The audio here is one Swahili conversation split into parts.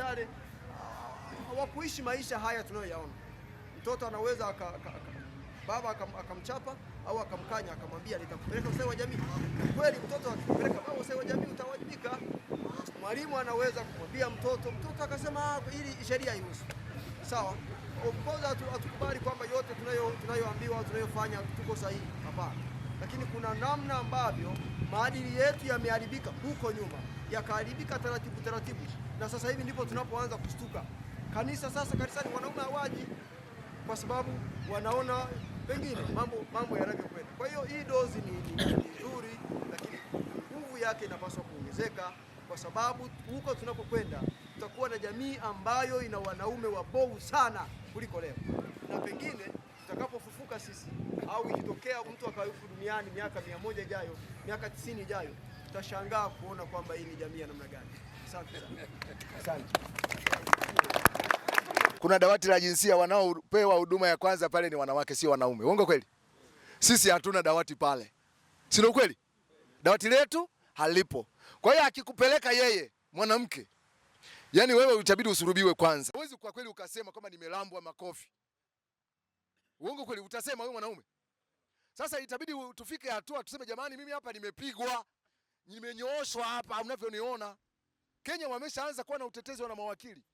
Chale hawakuishi maisha haya tunayoyaona. Mtoto anaweza aka, aka, aka, baba akamchapa au akamkanya akamwambia nitakupeleka ustawi wa jamii. Kweli mtoto akikupeleka baba ustawi wa jamii utawajibika. Mwalimu anaweza kumwambia mtoto, mtoto akasema ah, ili sheria ihusu sawa. Of course hatukubali kwamba yote tunayoambiwa tunayo tunayo tunayofanya tuko sahihi, hapana lakini kuna namna ambavyo maadili yetu yameharibika huko nyuma, yakaharibika taratibu taratibu, na sasa hivi ndipo tunapoanza kushtuka. Kanisa sasa, kanisani wanaume hawaji kwa sababu wanaona pengine mambo mambo yanavyokwenda. Kwa hiyo hii dozi ni nzuri, lakini nguvu yake inapaswa kuongezeka, kwa sababu huko tunapokwenda tutakuwa na jamii ambayo ina wanaume wabovu sana kuliko leo na pengine tunayoivuka sisi au ikitokea mtu akawufu duniani miaka mia moja ijayo miaka tisini ijayo tutashangaa kuona kwamba hii ni jamii ya namna gani. Asante sana. Asante. Kuna dawati la jinsia, wanaopewa huduma ya kwanza pale ni wanawake, sio wanaume. Uongo kweli? Sisi hatuna dawati pale, si ndio kweli? Dawati letu halipo. Kwa hiyo akikupeleka yeye mwanamke, yani wewe utabidi usurubiwe kwanza. Huwezi kwa kweli ukasema kama nimelambwa makofi. Uongo kweli utasema wewe mwanaume? Sasa itabidi tufike hatua tuseme, jamani, mimi hapa nimepigwa, nimenyooshwa hapa unavyoniona. Kenya wameshaanza kuwa na utetezi na mawakili.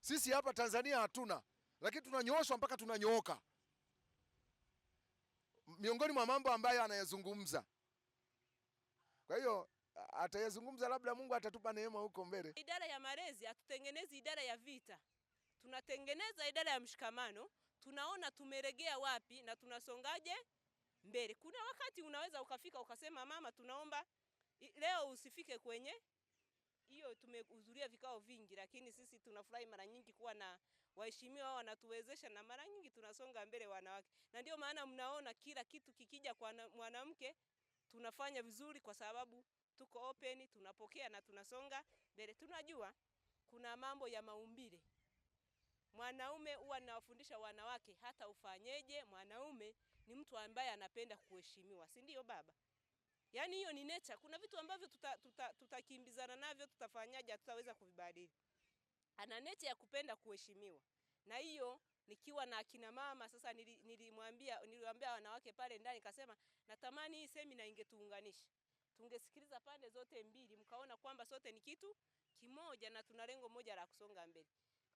Sisi hapa Tanzania hatuna, lakini tunanyooshwa mpaka tunanyooka. Miongoni mwa mambo ambayo anayazungumza. Kwa hiyo atayazungumza, labda Mungu atatupa neema huko mbele. Idara ya malezi hatutengenezi idara ya vita, tunatengeneza idara ya mshikamano tunaona tumeregea wapi na tunasongaje mbele. Kuna wakati unaweza ukafika ukasema, mama, tunaomba leo usifike kwenye hiyo. Tumehudhuria vikao vingi, lakini sisi tunafurahi mara nyingi kuwa na waheshimiwa wao wanatuwezesha, na mara nyingi tunasonga mbele wanawake, na ndio maana mnaona kila kitu kikija kwa mwanamke tunafanya vizuri, kwa sababu tuko open, tunapokea na tunasonga mbele. Tunajua kuna mambo ya maumbile Mwanaume huwa nawafundisha wanawake, hata ufanyeje, mwanaume ni mtu ambaye anapenda kuheshimiwa, si ndio baba? Yaani hiyo ni nature. Kuna vitu ambavyo tutakimbizana tuta, tuta navyo, tutafanyaje? Hatutaweza kuvibadili. Ana nature ya kupenda kuheshimiwa, na hiyo nikiwa na akina mama sasa, nilimwambia niliwaambia wanawake pale ndani, kasema natamani hii semina ingetuunganisha, tungesikiliza pande zote mbili, mkaona kwamba sote ni kitu kimoja na tuna lengo moja la kusonga mbele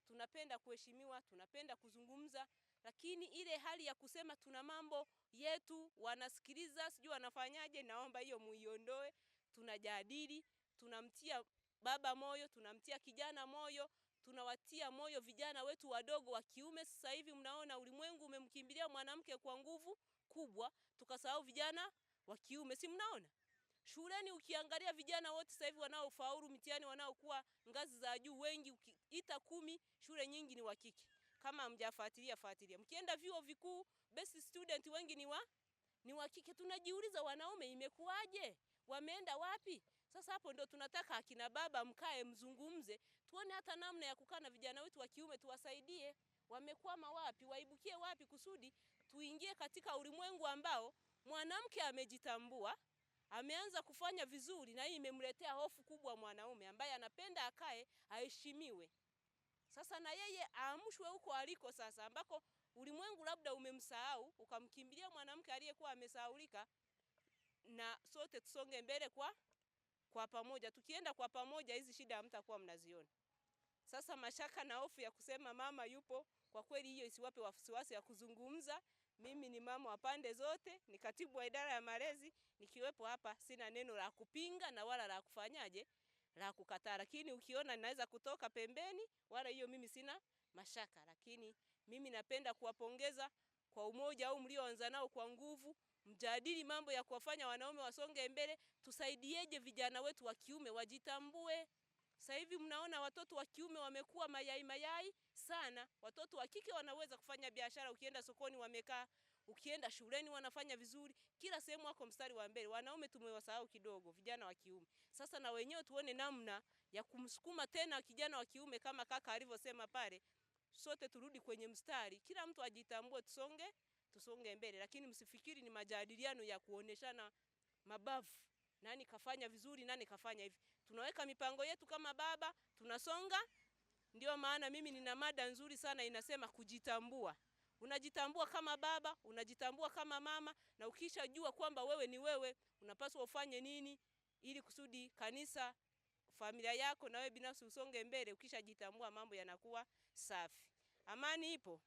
tunapenda kuheshimiwa, tunapenda kuzungumza, lakini ile hali ya kusema tuna mambo yetu, wanasikiliza sijui wanafanyaje, naomba hiyo muiondoe. Tunajadili, tunamtia baba moyo, tunamtia kijana moyo, tunawatia moyo vijana wetu wadogo wa kiume. Sasa hivi mnaona ulimwengu umemkimbilia mwanamke kwa nguvu kubwa, tukasahau vijana wa kiume, si mnaona? Shuleni ukiangalia vijana wote sasa hivi wanaofaulu mtihani wanaokuwa ngazi za juu wengi ukiita kumi, shule nyingi ni wa kike. Kama mjafuatilia fuatilia. Mkienda vyuo vikuu best student wengi ni wa ni wa kike. Tunajiuliza wanaume imekuwaje? Wameenda wapi? Sasa hapo ndio tunataka akina baba mkae mzungumze, tuone hata namna ya kukaa na vijana wetu wa kiume tuwasaidie, wamekwama wapi, waibukie wapi, kusudi tuingie katika ulimwengu ambao mwanamke amejitambua ameanza kufanya vizuri, na hii imemletea hofu kubwa mwanaume ambaye anapenda akae aheshimiwe. Sasa na yeye aamshwe huko aliko sasa, ambako ulimwengu labda umemsahau ukamkimbilia mwanamke aliyekuwa amesahaulika, na sote tusonge mbele kwa kwa pamoja. Tukienda kwa pamoja, hizi shida hamtakuwa mnaziona. Sasa mashaka na hofu ya kusema mama yupo, kwa kweli hiyo isiwape wasiwasi ya kuzungumza mimi ni mama wa pande zote, ni katibu wa idara ya malezi. Nikiwepo hapa sina neno la kupinga na wala la kufanyaje la kukataa, lakini ukiona naweza kutoka pembeni, wala hiyo mimi sina mashaka. Lakini mimi napenda kuwapongeza kwa umoja huu mlioanza nao kwa nguvu, mjadili mambo ya kuwafanya wanaume wasonge mbele. Tusaidieje vijana wetu wa kiume wajitambue? Sasa hivi mnaona watoto wa kiume wamekuwa mayai mayai sana. Watoto wa kike wanaweza kufanya biashara, ukienda sokoni wamekaa, ukienda shuleni wanafanya vizuri, kila sehemu wako mstari wa mbele. Wanaume tumewasahau kidogo, vijana wa kiume. Sasa na wenyewe tuone namna ya kumsukuma tena kijana wa kiume, kama kaka alivyosema pale, sote turudi kwenye mstari, kila mtu ajitambue, tusonge tusonge mbele, lakini msifikiri ni majadiliano ya kuoneshana mabavu nani kafanya vizuri, nani kafanya hivi. Tunaweka mipango yetu kama baba, tunasonga Ndiyo maana mimi nina mada nzuri sana inasema kujitambua. Unajitambua kama baba, unajitambua kama mama, na ukishajua kwamba wewe ni wewe, unapaswa ufanye nini ili kusudi kanisa, familia yako na wewe binafsi usonge mbele. Ukishajitambua mambo yanakuwa safi. Amani ipo,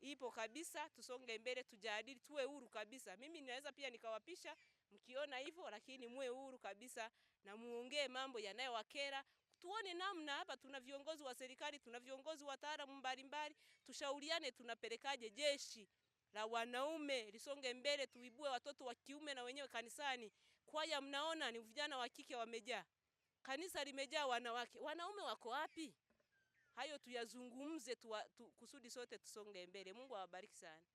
ipo kabisa. Tusonge mbele, tujadili, tuwe huru kabisa. Mimi ninaweza pia nikawapisha mkiona hivyo, lakini muwe huru kabisa na muongee mambo yanayowakera tuone namna hapa. Tuna viongozi wa serikali, tuna viongozi wataalamu mbalimbali, tushauriane tunapelekaje jeshi la wanaume lisonge mbele, tuibue watoto wa kiume na wenyewe kanisani. Kwaya mnaona ni vijana wa kike wamejaa, kanisa limejaa wanawake, wanaume wako wapi? Hayo tuyazungumze tu, kusudi sote tusonge mbele. Mungu awabariki sana.